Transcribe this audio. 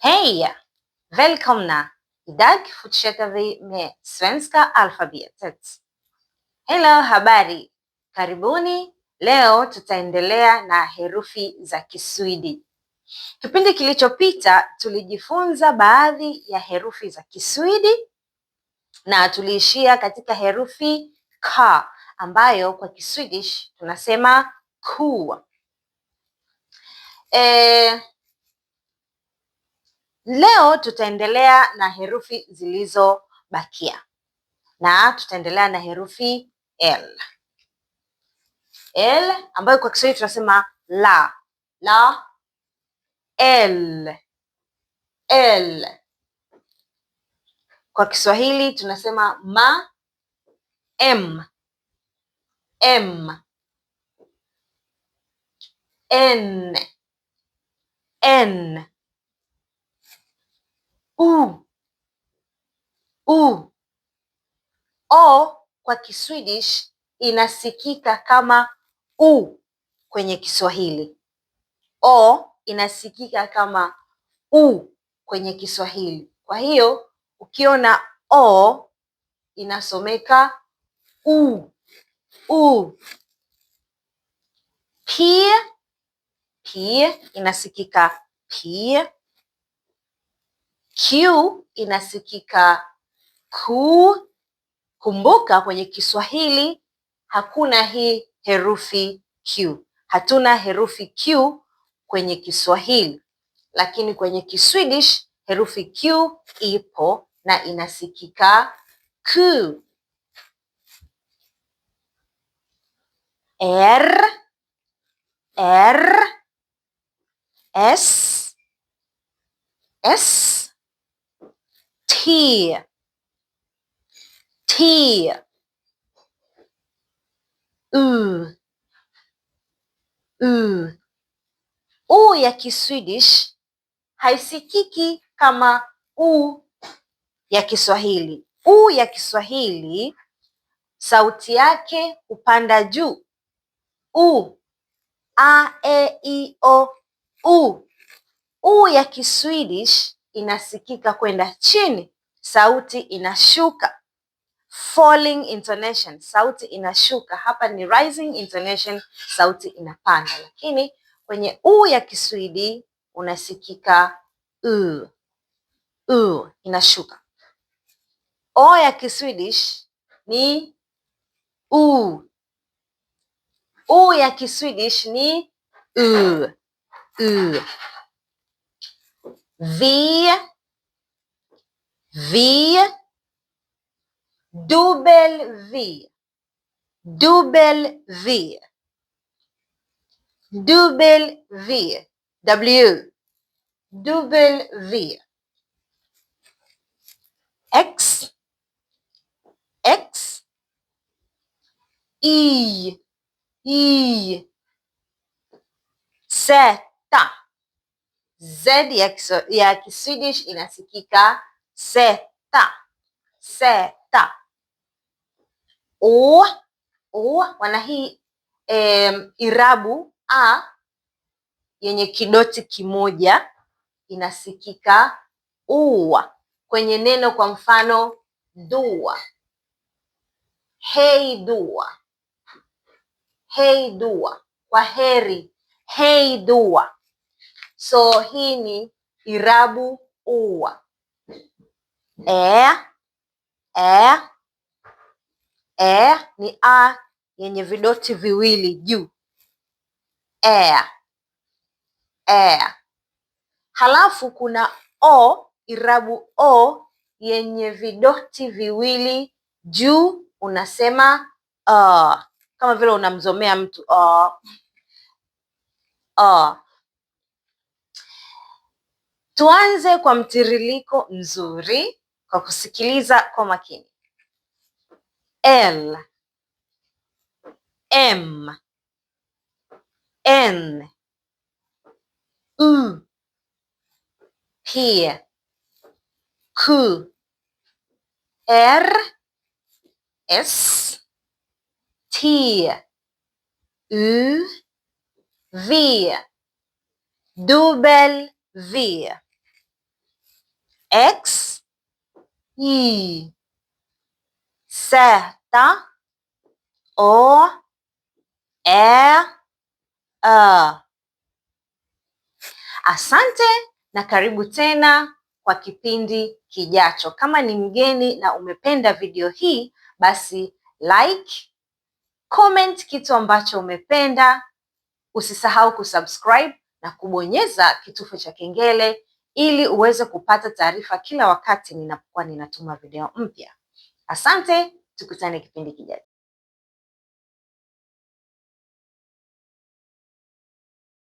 Hej! Välkomna! Idag fortsätter vi med svenska alfabetet. Hello, habari. Karibuni. Leo tutaendelea na herufi za Kiswidi. Kipindi kilichopita tulijifunza baadhi ya herufi za Kiswidi na tuliishia katika herufi ka ambayo kwa Kiswidish tunasema kuwa. Eh, Leo tutaendelea na herufi zilizobakia na tutaendelea na herufi L. L ambayo kwa Kiswahili tunasema la la L. L. Kwa Kiswahili tunasema ma m m n n u, u. O kwa Kiswedish inasikika kama u kwenye Kiswahili. O inasikika kama u kwenye Kiswahili. Kwa hiyo ukiona o inasomeka u, u. P, p inasikika p Q inasikika ku. Kumbuka kwenye Kiswahili hakuna hii herufi Q, hatuna herufi Q kwenye Kiswahili, lakini kwenye Kiswedish herufi Q ipo na inasikika ku. R, R, S, S T. T. U. U. U ya Kiswedish haisikiki kama u ya Kiswahili. U ya Kiswahili sauti yake hupanda juu. U. A, E, I, O, U. U ya Kiswedish inasikika kwenda chini, sauti inashuka. Falling intonation, sauti inashuka. Hapa ni rising intonation, sauti inapanda. Lakini kwenye u ya Kiswidi unasikika u, u inashuka. O ya Kiswedish ni u, u ya Kiswedish ni u, u. Vi, vi, dubbel V, dubbel V, dubbel V, W, dubbel V, X, X, I, I, Z, Z ya, kiso, ya Kiswedish inasikika seta seta. O, o wana hii irabu a yenye kidoti kimoja inasikika uwa kwenye neno, kwa mfano dua, hei dua, hei dua, kwa heri, hei dua So hii ni irabu uwa e, e, e ni a yenye vidoti viwili juu e, e. Halafu kuna o irabu o yenye vidoti viwili juu unasema uh, kama vile unamzomea mtu uh, uh. Tuanze kwa mtiririko mzuri kwa kusikiliza kwa makini. L, M, N, U, P, Q, R, S, T, U, V, double V. X, e certa O, E, a. E. Asante na karibu tena kwa kipindi kijacho. Kama ni mgeni na umependa video hii, basi like, comment kitu ambacho umependa. Usisahau kusubscribe na kubonyeza kitufe cha kengele ili uweze kupata taarifa kila wakati ninapokuwa ninatuma video mpya. Asante, tukutane kipindi kijacho.